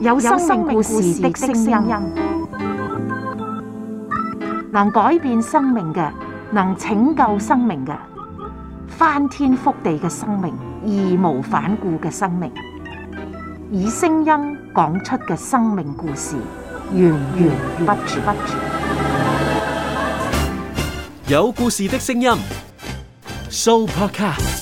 有生命故事的聲音，能改變生命嘅，能拯救生命嘅，翻天覆地嘅生命，義無反顧嘅生命，以聲音講出嘅生命故事，源源不絕。有故事的聲音，Supercar。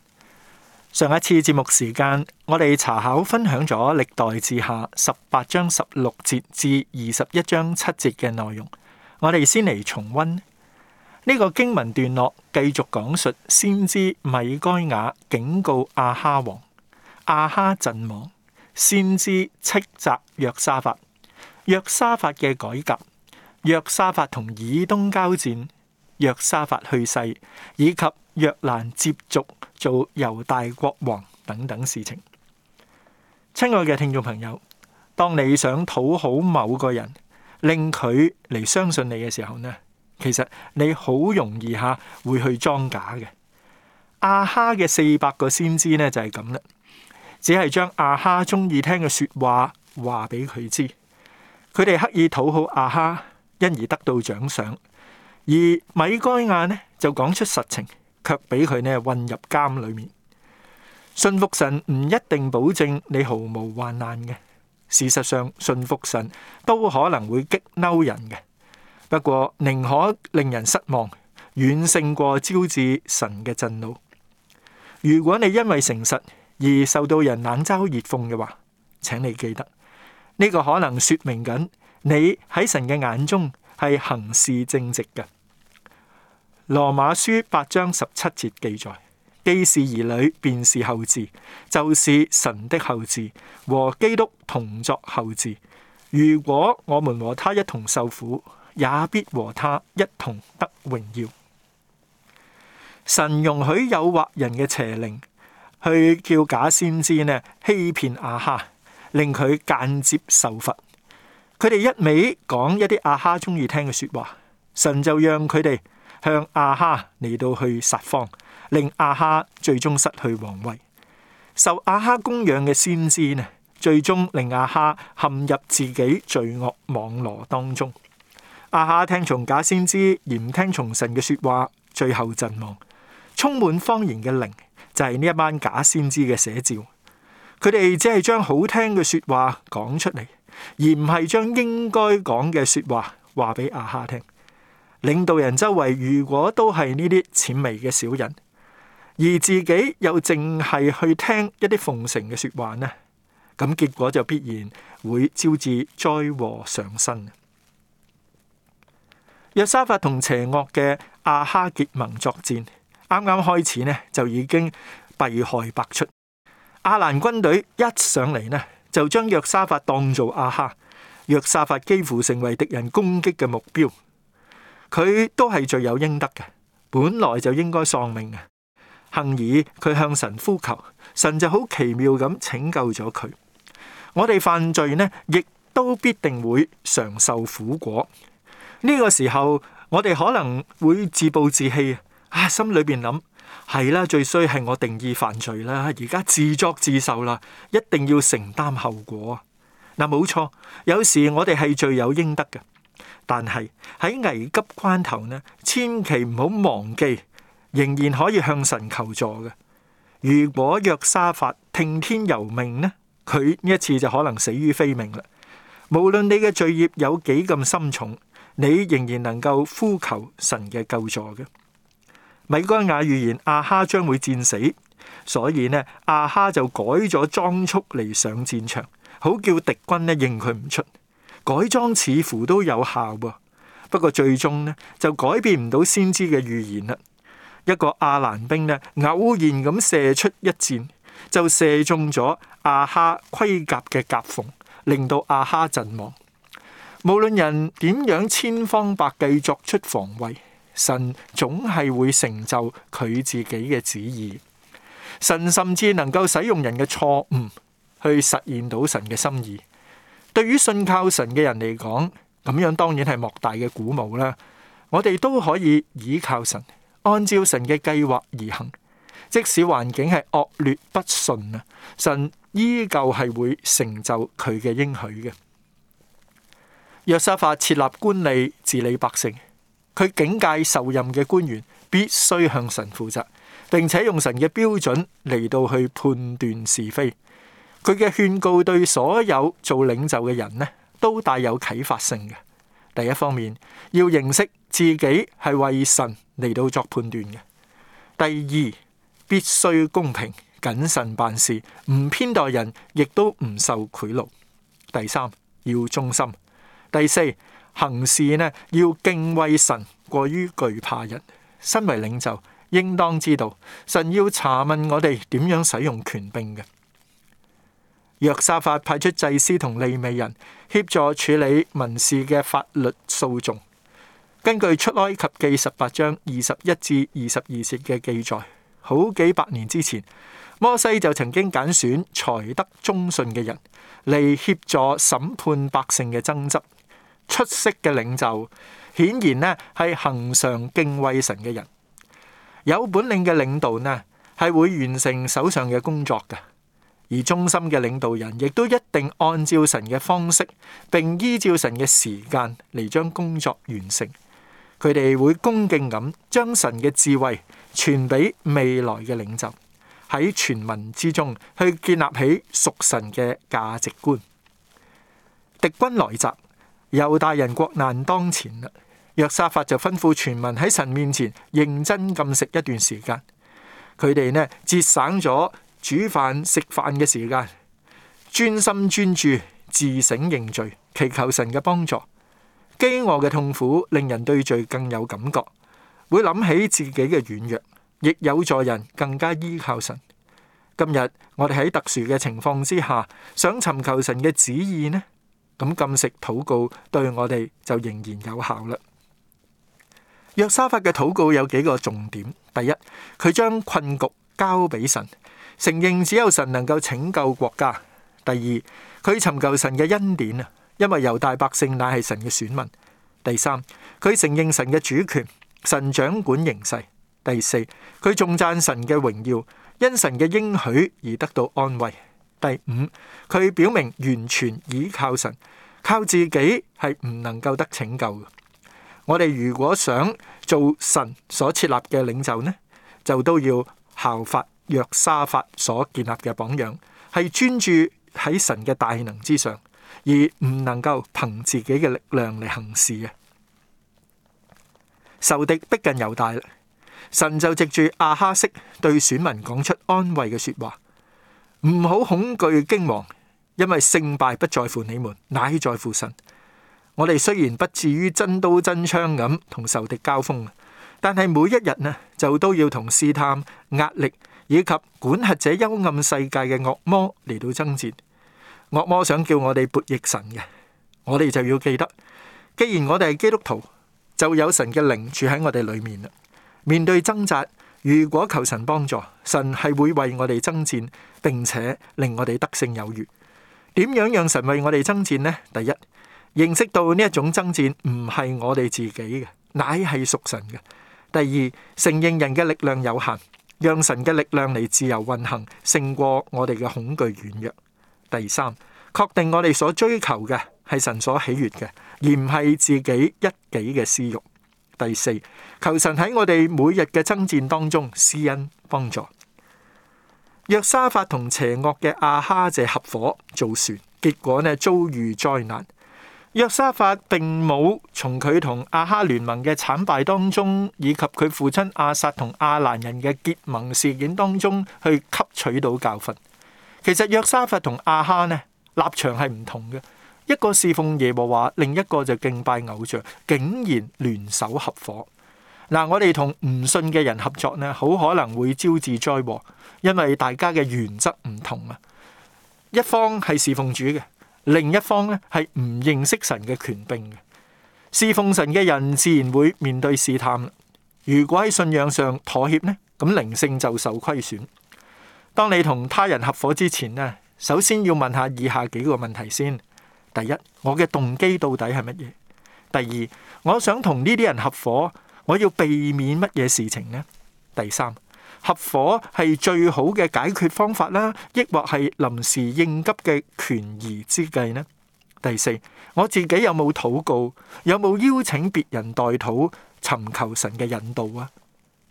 上一次節目時間，我哋查考分享咗歷代志下十八章十六節至二十一章七節嘅內容。我哋先嚟重溫呢、這個經文段落，繼續講述先知米該雅警告亞哈王，亞哈陣亡，先知斥責約沙法，約沙法嘅改革，約沙法同以東交戰，約沙法去世，以及。若蘭接續做猶大國王等等事情，親愛嘅聽眾朋友，當你想討好某個人，令佢嚟相信你嘅時候呢？其實你好容易吓會去裝假嘅。亞哈嘅四百個先知呢，就係咁啦，只係將亞哈中意聽嘅說話話俾佢知，佢哋刻意討好亞哈，因而得到獎賞；而米該亞呢，就講出實情。卻俾佢呢，混入監裏面。信服神唔一定保證你毫無患難嘅，事實上信服神都可能會激嬲人嘅。不過寧可令人失望，遠勝過招致神嘅震怒。如果你因為誠實而受到人冷嘲熱諷嘅話，請你記得呢個可能說明緊你喺神嘅眼中係行事正直嘅。羅馬書八章十七節記載：既是兒女，便是後嗣，就是神的後嗣，和基督同作後嗣。如果我們和他一同受苦，也必和他一同得榮耀。神容許誘惑人嘅邪靈去叫假先知呢欺騙阿哈，令佢間接受罰。佢哋一味講一啲阿哈中意聽嘅說話，神就讓佢哋。向阿哈嚟到去撒謊，令阿哈最終失去王位。受阿哈供養嘅先知呢，最終令阿哈陷入自己罪惡網羅當中。阿哈聽從假先知，而唔聽從神嘅說話，最後陣亡。充滿謊言嘅靈就係呢一班假先知嘅寫照。佢哋只係將好聽嘅說話講出嚟，而唔係將應該講嘅說話話俾阿哈聽。領導人周圍如果都係呢啲淺微嘅小人，而自己又淨係去聽一啲奉承嘅說話呢？咁結果就必然會招致災禍上身。約沙法同邪惡嘅亞哈結盟作戰，啱啱開始呢就已經弊害百出。亞蘭軍隊一上嚟，呢就將約沙法當做亞哈，約沙法幾乎成為敵人攻擊嘅目標。佢都係罪有應得嘅，本來就應該喪命嘅。幸而佢向神呼求，神就好奇妙咁拯救咗佢。我哋犯罪呢，亦都必定會嘗受苦果。呢個時候，我哋可能會自暴自棄啊！心裏邊諗：係啦，最衰係我定義犯罪啦，而家自作自受啦，一定要承擔後果。嗱，冇錯，有時我哋係罪有應得嘅。但係喺危急關頭呢，千祈唔好忘記，仍然可以向神求助嘅。如果約沙法聽天由命呢，佢呢一次就可能死於非命啦。無論你嘅罪孽有幾咁深重，你仍然能夠呼求神嘅救助嘅。米該雅預言阿哈將會戰死，所以呢，阿哈就改咗裝束嚟上戰場，好叫敵軍呢認佢唔出。改裝似乎都有效噃，不過最終呢就改變唔到先知嘅預言啦。一個亞蘭兵呢偶然咁射出一箭，就射中咗亞哈盔甲嘅夾縫，令到亞哈陣亡。無論人點樣千方百計作出防衛，神總係會成就佢自己嘅旨意。神甚至能夠使用人嘅錯誤去實現到神嘅心意。對於信靠神嘅人嚟講，咁樣當然係莫大嘅鼓舞啦！我哋都可以依靠神，按照神嘅計劃而行，即使環境係惡劣不順啊，神依舊係會成就佢嘅應許嘅。約沙法設立官吏治理百姓，佢警戒受任嘅官員必須向神負責，並且用神嘅標準嚟到去判斷是非。佢嘅勸告對所有做領袖嘅人呢，都帶有啟發性嘅。第一方面，要認識自己係為神嚟到作判斷嘅；第二，必須公平謹慎辦事，唔偏待人，亦都唔受賄賂；第三，要忠心；第四，行事呢，要敬畏神，過於懼怕人。身為領袖，應當知道神要查問我哋點樣使用權柄嘅。約沙法派出祭司同利未人協助處理民事嘅法律訴訟。根據出埃及記十八章二十一至二十二節嘅記載，好幾百年之前，摩西就曾經揀選才德忠信嘅人嚟協助審判百姓嘅爭執。出色嘅領袖顯然呢係行上敬畏神嘅人。有本領嘅領導呢係會完成手上嘅工作嘅。而中心嘅領導人亦都一定按照神嘅方式，並依照神嘅時間嚟將工作完成。佢哋會恭敬咁將神嘅智慧傳俾未來嘅領袖，喺全民之中去建立起屬神嘅價值觀。敵軍來襲，猶大人國難當前啦。約沙法就吩咐全民喺神面前認真禁食一段時間。佢哋呢節省咗煮飯食飯嘅時間，專心專注自省認罪，祈求神嘅幫助。飢餓嘅痛苦，令人對罪更有感覺，會諗起自己嘅軟弱，亦有助人更加依靠神。今日我哋喺特殊嘅情況之下，想尋求神嘅旨意呢，咁禁食禱告對我哋就仍然有效啦。約沙法嘅禱告有幾個重點：第一，佢將困局交俾神。承認只有神能夠拯救國家。第二，佢尋求神嘅恩典啊，因為猶大百姓乃係神嘅選民。第三，佢承認神嘅主權，神掌管形勢。第四，佢重讚神嘅榮耀，因神嘅應許而得到安慰。第五，佢表明完全倚靠神，靠自己係唔能夠得拯救嘅。我哋如果想做神所設立嘅領袖呢，就都要效法。約沙法所建立嘅榜樣係專注喺神嘅大能之上，而唔能夠憑自己嘅力量嚟行事嘅。仇敵逼近猶大，神就藉住阿哈色對選民講出安慰嘅說話：唔好恐懼驚惶，因為勝敗不在乎你們，乃在乎神。我哋雖然不至於真刀真槍咁同仇敵交鋒，但係每一日呢，就都要同試探壓力，以及管轄者幽暗世界嘅惡魔嚟到爭戰，惡魔想叫我哋悖逆神嘅，我哋就要記得，既然我哋係基督徒，就有神嘅靈住喺我哋裏面。面對掙扎，如果求神幫助，神係會為我哋爭戰，並且令我哋得勝有餘。點樣讓神為我哋爭戰呢？第一，認識到呢一種爭戰唔係我哋自己嘅，乃係屬神嘅；第二，承認人嘅力量有限。讓神嘅力量嚟自由運行，勝過我哋嘅恐懼軟弱。第三，確定我哋所追求嘅係神所喜悦嘅，而唔係自己一己嘅私欲。第四，求神喺我哋每日嘅爭戰當中施恩幫助。約沙法同邪惡嘅亞哈謝合夥，造船，結果呢，遭遇災難。約沙法並冇從佢同阿哈聯盟嘅慘敗當中，以及佢父親阿薩同阿蘭人嘅結盟事件當中去吸取到教訓。其實約沙法同阿哈呢立場係唔同嘅，一個侍奉耶和華，另一個就敬拜偶像，竟然聯手合夥。嗱，我哋同唔信嘅人合作呢，好可能會招致災禍，因為大家嘅原則唔同啊。一方係侍奉主嘅。另一方咧，係唔認識神嘅權柄。侍奉神嘅人自然會面對試探。如果喺信仰上妥協呢，咁靈性就受虧損。當你同他人合夥之前呢，首先要問下以下幾個問題先：第一，我嘅動機到底係乜嘢？第二，我想同呢啲人合夥，我要避免乜嘢事情呢？第三，合夥係最好嘅解決方法啦，抑或係臨時應急嘅權宜之計呢？第四，我自己有冇禱告，有冇邀請別人代禱，尋求神嘅引導啊？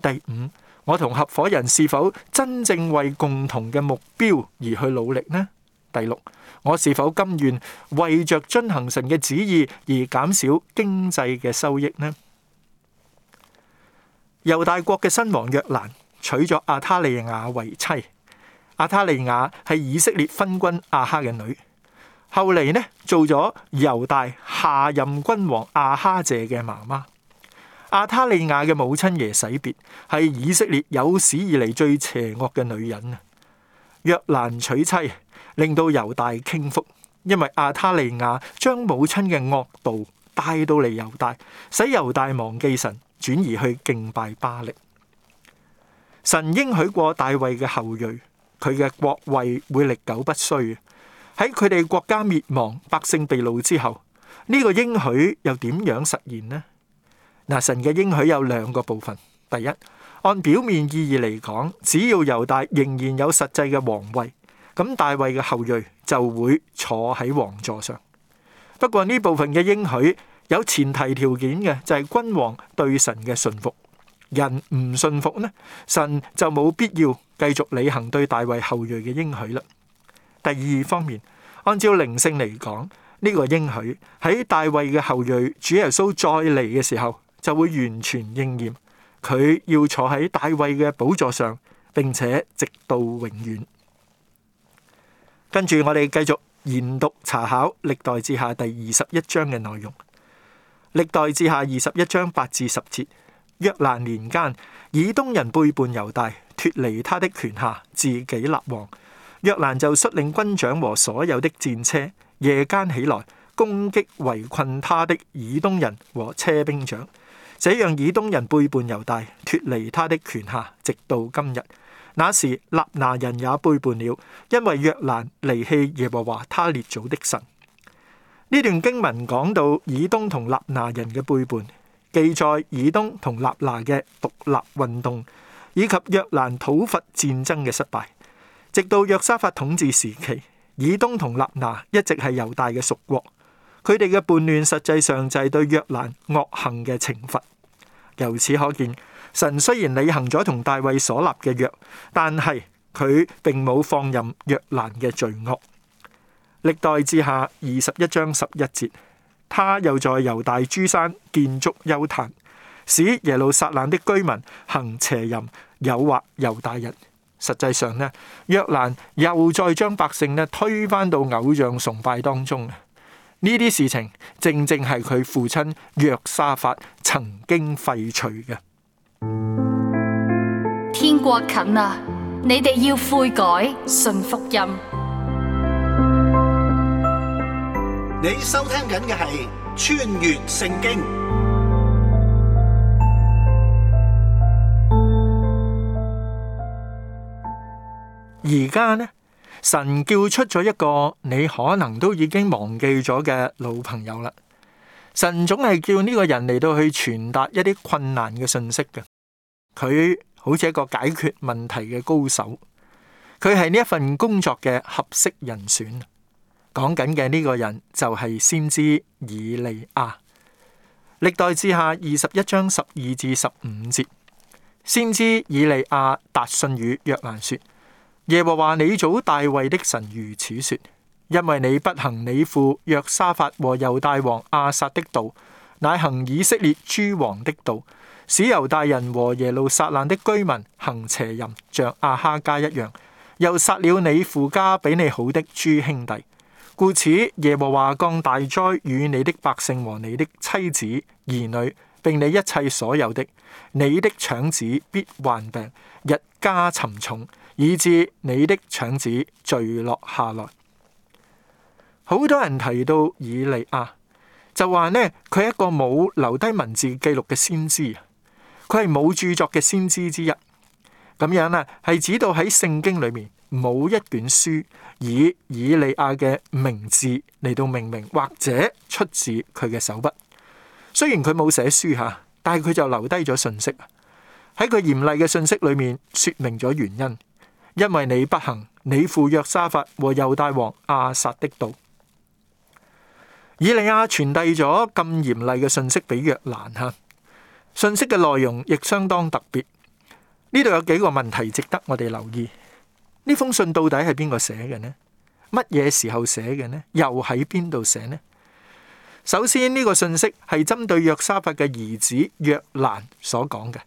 第五，我同合夥人是否真正為共同嘅目標而去努力呢？第六，我是否甘願為著遵行神嘅旨意而減少經濟嘅收益呢？猶大國嘅新王約蘭娶咗亞他利雅為妻，亞他利雅係以色列分軍亞哈嘅女，後嚟呢做咗猶大下任君王亞哈謝嘅媽媽。亞他利雅嘅母親耶洗別係以色列有史以嚟最邪惡嘅女人。約蘭娶妻，令到猶大傾覆，因為亞他利雅將母親嘅惡道帶到嚟猶大，使猶大忘記神，轉移去敬拜巴力。神應許過大衛嘅後裔，佢嘅國位會歷久不衰。喺佢哋國家滅亡、百姓被擄之後，呢個應許又點樣實現呢？嗱，神嘅應許有兩個部分。第一，按表面意義嚟講，只要猶大仍然有實際嘅皇位，咁大衛嘅後裔就會坐喺皇座上。不過呢部分嘅應許有前提條件嘅，就係君王對神嘅順服。人唔信服呢，神就冇必要繼續履行對大衛後裔嘅應許啦。第二方面，按照靈性嚟講，呢個應許喺大衛嘅後裔主耶穌再嚟嘅時候，就會完全應驗。佢要坐喺大衛嘅寶座上，並且直到永遠。跟住我哋繼續研讀查考歷代志下第二十一章嘅內容。歷代志下二十一章八至十節。約蘭年間，以東人背叛猶大，脫離他的權下，自己立王。約蘭就率領軍長和所有的戰車，夜間起來攻擊圍困他的以東人和車兵長，這樣以東人背叛猶大，脫離他的權下，直到今日。那時，立拿人也背叛了，因為約蘭離棄耶和華他列祖的神。呢段經文講到以東同立拿人嘅背叛。記載以東同立拿嘅獨立運動，以及約蘭討伐戰爭嘅失敗，直到約沙法統治時期，以東同立拿一直係猶大嘅屬國。佢哋嘅叛亂實際上就係對約蘭惡行嘅懲罰。由此可見，神雖然履行咗同大衛所立嘅約，但係佢並冇放任約蘭嘅罪惡。歷代誌下二十一章十一節。他又在猶大諸山建築幽壇，使耶路撒冷的居民行邪淫、誘惑猶大人。實際上呢，約蘭又再將百姓呢推翻到偶像崇拜當中。呢啲事情正正係佢父親約沙法曾經廢除嘅。天國近啦，你哋要悔改，信福音。你收聽緊嘅係穿越聖經。而家呢，神叫出咗一個你可能都已經忘記咗嘅老朋友啦。神總係叫呢個人嚟到去傳達一啲困難嘅信息嘅。佢好似一個解決問題嘅高手，佢係呢一份工作嘅合適人選。講緊嘅呢個人就係先知以利亞。歷代志下二十一章十二至十五節，先知以利亞達信與約蘭說：耶和華你祖大衛的神如此說，因為你不行你父約沙法和猶大王亞撒的道，乃行以色列諸王的道，使猶大人和耶路撒冷的居民行邪淫，像阿哈家一樣，又殺了你父家比你好的諸兄弟。故此，耶和華降大災與你的百姓和你的妻子兒女，並你一切所有的，你的腸子必患病，日加沉重，以致你的腸子墜落下來。好多人提到以利亞，就話呢，佢係一個冇留低文字記錄嘅先知，佢係冇著作嘅先知之一。咁樣啊，係指到喺聖經裏面。冇一卷書以以利亞嘅名字嚟到命名，或者出自佢嘅手筆。雖然佢冇寫書吓，但係佢就留低咗信息。喺佢嚴厲嘅信息裏面，說明咗原因，因為你不行，你父約沙法和猶大王亞撒的道。以利亞傳遞咗咁嚴厲嘅信息俾約蘭吓，信息嘅內容亦相當特別。呢度有幾個問題值得我哋留意。呢封信到底係邊個寫嘅呢？乜嘢時候寫嘅呢？又喺邊度寫呢？首先呢、呢個信息係針對約沙法嘅兒子約蘭所講嘅。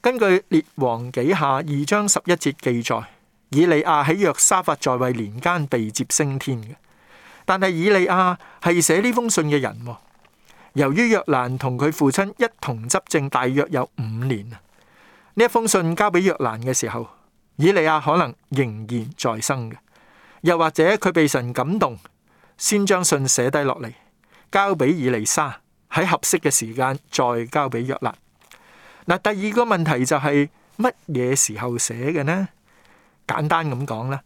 根據列王紀下二章十一節記載，以利亞喺約沙法在位年間被接升天嘅。但係以利亞係寫呢封信嘅人，哦。由於約蘭同佢父親一同執政大約有五年，呢一封信交俾約蘭嘅時候。以利亞可能仍然在生嘅，又或者佢被神感動，先將信寫低落嚟，交俾以利沙，喺合適嘅時間再交俾約勒。嗱，第二個問題就係乜嘢時候寫嘅呢？簡單咁講啦，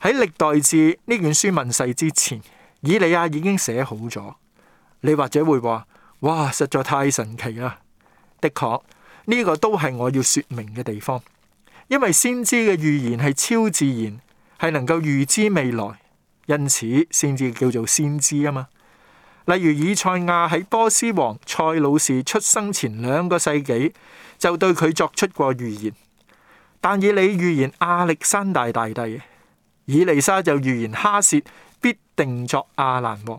喺歷代志呢卷書問世之前，以利亞已經寫好咗。你或者會話：哇，實在太神奇啦！的確，呢、這個都係我要說明嘅地方。因為先知嘅預言係超自然，係能夠預知未來，因此先至叫做先知啊嘛。例如以賽亞喺波斯王塞魯士出生前兩個世紀就對佢作出過預言，但以理預言亞歷山大大帝，以利沙就預言哈薛必定作亞蘭王，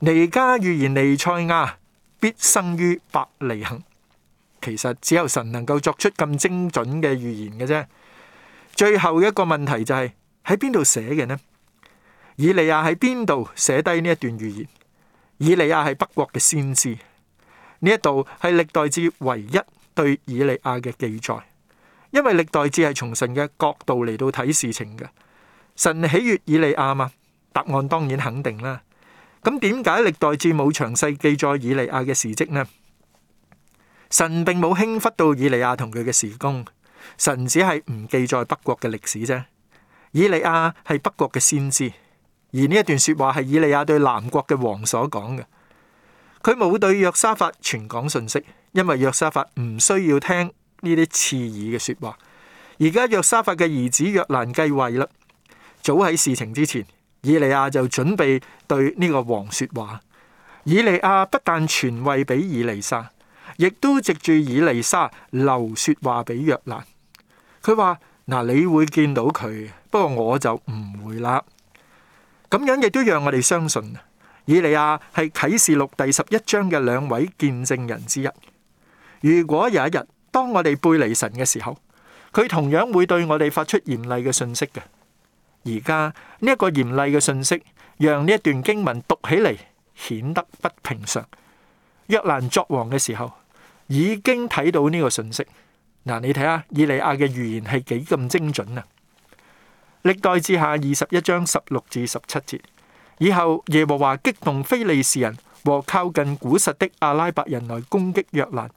尼加預言尼賽亞必生於伯利恆。其實只有神能夠作出咁精準嘅預言嘅啫。最後一個問題就係喺邊度寫嘅呢？以利亞喺邊度寫低呢一段預言？以利亞係北國嘅先知，呢一度係歷代志唯一對以利亞嘅記載。因為歷代志係從神嘅角度嚟到睇事情嘅。神喜悅以利亞嘛？答案當然肯定啦。咁點解歷代志冇詳細記載以利亞嘅事跡呢？神並冇輕忽到以利亞同佢嘅事工。神只係唔記載北國嘅歷史啫。以利亞係北國嘅先知，而呢一段說話係以利亞對南國嘅王所講嘅。佢冇對約沙法傳講信息，因為約沙法唔需要聽呢啲刺耳嘅說話。而家約沙法嘅兒子約蘭繼位啦，早喺事情之前，以利亞就準備對呢個王說話。以利亞不但傳位俾以利沙。亦都藉住以利沙留說話俾約蘭，佢話：嗱，你會見到佢，不過我就唔會啦。咁樣亦都讓我哋相信，以利亞係啟示錄第十一章嘅兩位見證人之一。如果有一日當我哋背離神嘅時候，佢同樣會對我哋發出嚴厲嘅信息嘅。而家呢一個嚴厲嘅信息，讓呢一段經文讀起嚟顯得不平常。約蘭作王嘅時候。已經睇到呢個信息，嗱，你睇下以利亞嘅預言係幾咁精準啊？歷代志下二十一章十六至十七節，以後耶和華激動非利士人和靠近古實的阿拉伯人來攻擊約蘭，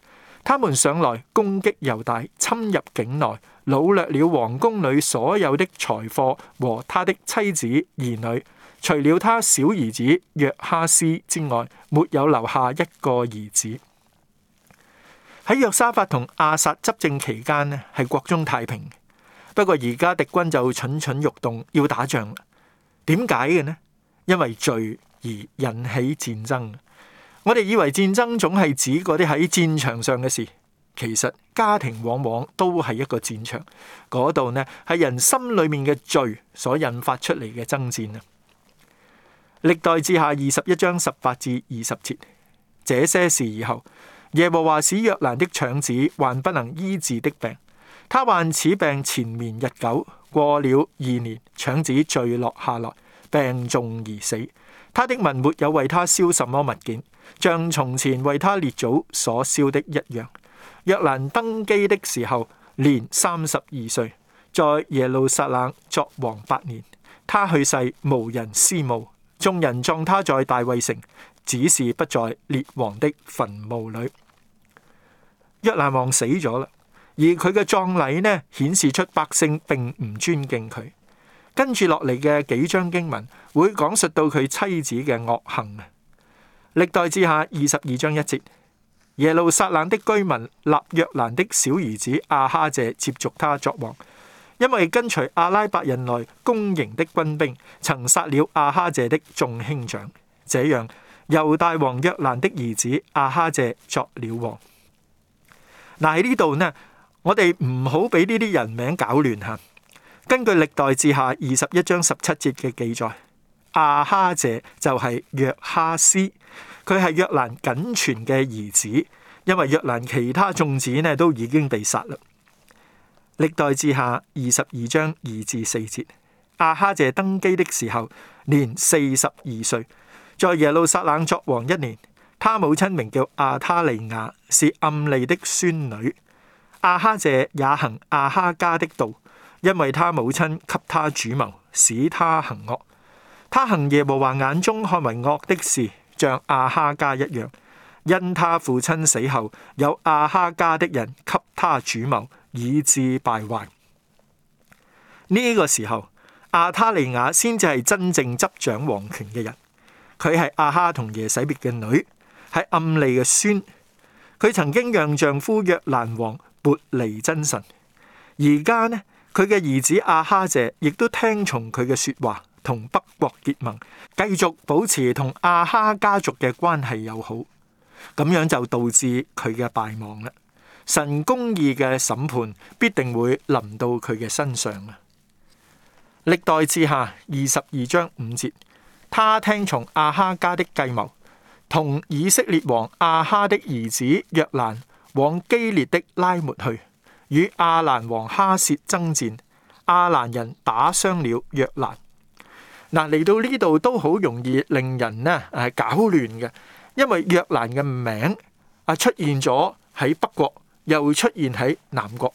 他們上來攻擊猶大，侵入境內，擄掠了皇宮裏所有的財貨和他的妻子、兒女，除了他小兒子約哈斯之外，沒有留下一個兒子。喺約沙法同亞撒執政期間呢，係國中太平。不過而家敵軍就蠢蠢欲動，要打仗。點解嘅呢？因為罪而引起戰爭。我哋以為戰爭總係指嗰啲喺戰場上嘅事，其實家庭往往都係一個戰場。嗰度呢係人心裏面嘅罪所引發出嚟嘅爭戰啊！歷代志下二十一章十八至二十節，這些事以後。耶和華使約蘭的腸子患不能醫治的病，他患此病纏綿日久，過了二年，腸子墜落下來，病重而死。他的民沒有為他燒什麼物件，像從前為他列祖所燒的一樣。約蘭登基的時候年三十二歲，在耶路撒冷作王八年。他去世，無人思慕，眾人葬他在大衛城，只是不在列王的墳墓裏。約蘭王死咗啦，而佢嘅葬禮呢，顯示出百姓並唔尊敬佢。跟住落嚟嘅幾張經文會講述到佢妻子嘅惡行啊。歷代志下二十二章一節：耶路撒冷的居民立約蘭的小兒子阿哈謝接續他作王，因為跟隨阿拉伯人來攻營的軍兵曾殺了阿哈謝的眾兄長，這樣猶大王約蘭的兒子阿哈謝作了王。嗱，喺呢度呢，我哋唔好俾呢啲人名搞亂吓。根據歷代志下二十一章十七節嘅記載，亞哈謝就係約哈斯，佢係約蘭僅存嘅兒子，因為約蘭其他眾子呢都已經被殺啦。歷代志下二十二章二至四節，亞哈謝登基的時候年四十二歲，在耶路撒冷作王一年。他母親名叫阿他利亞，是暗利的孫女。阿哈謝也行阿哈家的道，因為他母親給他主謀，使他行惡。他行耶和華眼中看為惡的事，像阿哈家一樣。因他父親死後，有阿哈家的人給他主謀，以致敗壞。呢、呢個時候，阿他利亞先至係真正執掌王權嘅人。佢係阿哈同耶洗別嘅女。係暗利嘅孫，佢曾經讓丈夫約蘭王撥離真神，而家呢，佢嘅兒子阿哈謝亦都聽從佢嘅說話，同北國結盟，繼續保持同阿哈家族嘅關係友好，咁樣就導致佢嘅敗亡啦。神公義嘅審判必定會臨到佢嘅身上啊！歷代志下二十二章五節，他聽從阿哈家的計謀。同以色列王亞哈的兒子約蘭往基列的拉末去，與亞蘭王哈薛爭戰，亞蘭人打傷了約蘭。嗱，嚟到呢度都好容易令人咧係搞亂嘅，因為約蘭嘅名啊出現咗喺北國，又出現喺南國，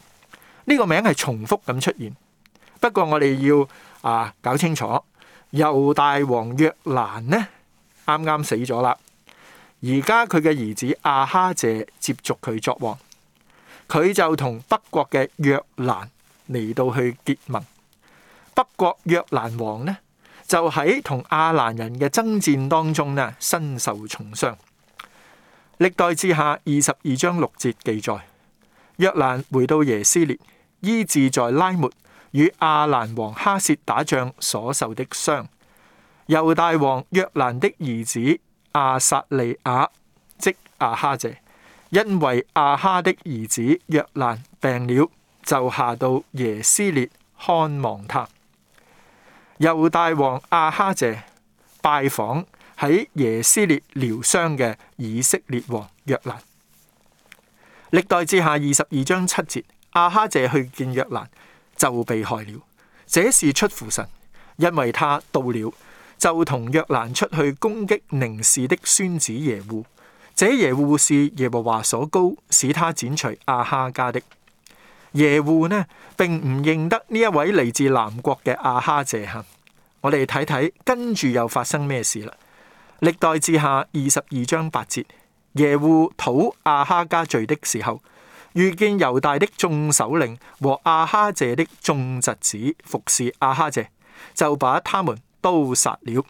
呢個名係重複咁出現。不過我哋要啊搞清楚，猶大王約蘭呢，啱啱死咗啦。而家佢嘅兒子亞哈謝接續佢作王，佢就同北國嘅約蘭嚟到去結盟。北國約蘭王呢，就喺同亞蘭人嘅爭戰當中呢，身受重傷。歷代志下二十二章六節記載，約蘭回到耶斯列，醫治在拉末與亞蘭王哈薛打仗所受的傷。猶大王約蘭的兒子。阿撒利雅即阿哈謝，因為阿哈的兒子若蘭病了，就下到耶斯列看望他。猶大王阿哈謝拜訪喺耶斯列療傷嘅以色列王若蘭。歷代志下二十二章七節，阿哈謝去見若蘭，就被害了。這是出乎神，因為他到了。就同若蘭出去攻擊寧示的孫子耶戶，這耶戶是耶和華所膏，使他剪除亞哈家的。耶戶呢，並唔認得呢一位嚟自南國嘅亞哈謝。我哋睇睇跟住又發生咩事啦？歷代志下二十二章八節，耶戶討亞哈家罪的時候，遇見猶大的眾首領和亞哈謝的眾侄子服侍亞哈謝，就把他們，都殺了。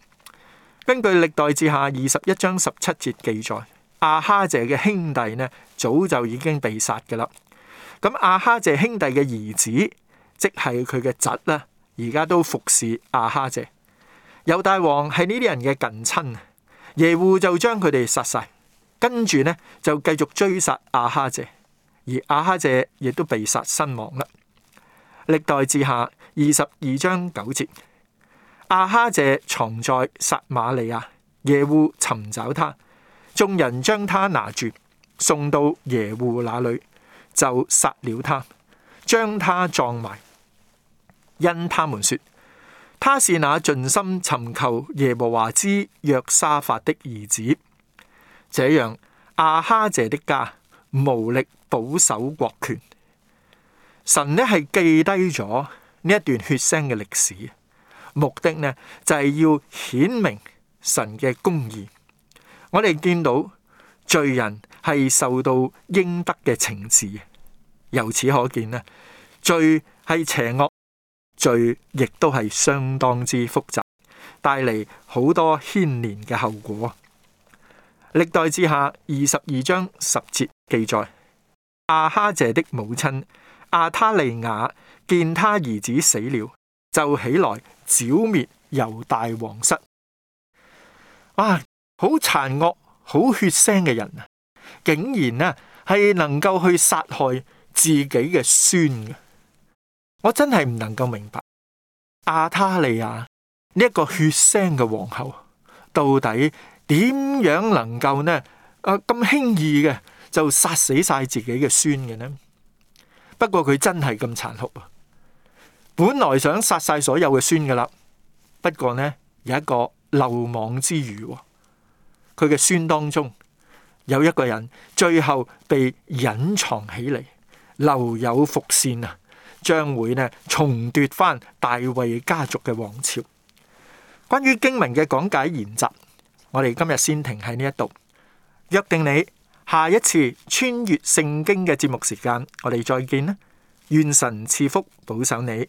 根據歷代志下二十一章十七節記載，亞哈謝嘅兄弟呢，早就已經被殺嘅啦。咁亞哈謝兄弟嘅兒子，即係佢嘅侄呢，而家都服侍亞哈謝。猶大王係呢啲人嘅近親，耶戶就將佢哋殺晒，跟住呢就繼續追殺亞哈謝，而亞哈謝亦都被殺身亡啦。歷代志下二十二章九節。亞哈謝藏在撒瑪利亞，耶戶尋找他，眾人將他拿住送到耶戶那裏，就殺了他，將他葬埋。因他們說他是那盡心尋求耶和華之約沙法的兒子。這樣亞哈謝的家無力保守國權。神呢係記低咗呢一段血腥嘅歷史。目的呢就係要顯明神嘅公義。我哋見到罪人係受到應得嘅懲治，由此可見呢罪係邪惡，罪亦都係相當之複雜，帶嚟好多牽連嘅後果。歷代志下二十二章十節記載：阿哈謝的母親阿塔利亞見他兒子死了，就起來。剿滅猶大王室，哇！好殘惡、好血腥嘅人啊，竟然呢係能夠去殺害自己嘅孫嘅，我真係唔能夠明白亞他利亞呢一個血腥嘅皇后到底點樣能夠呢啊咁輕易嘅就殺死晒自己嘅孫嘅呢？不過佢真係咁殘酷。本來想殺晒所有嘅孫㗎喇，不過呢，有一個漏網之魚，佢嘅孫當中有一個人最後被隱藏起嚟，留有伏線啊，將會呢重奪翻大衛家族嘅王朝。關於經文嘅講解研習，我哋今日先停喺呢一度。約定你下一次穿越聖經嘅節目時間，我哋再見啦。願神賜福保守你。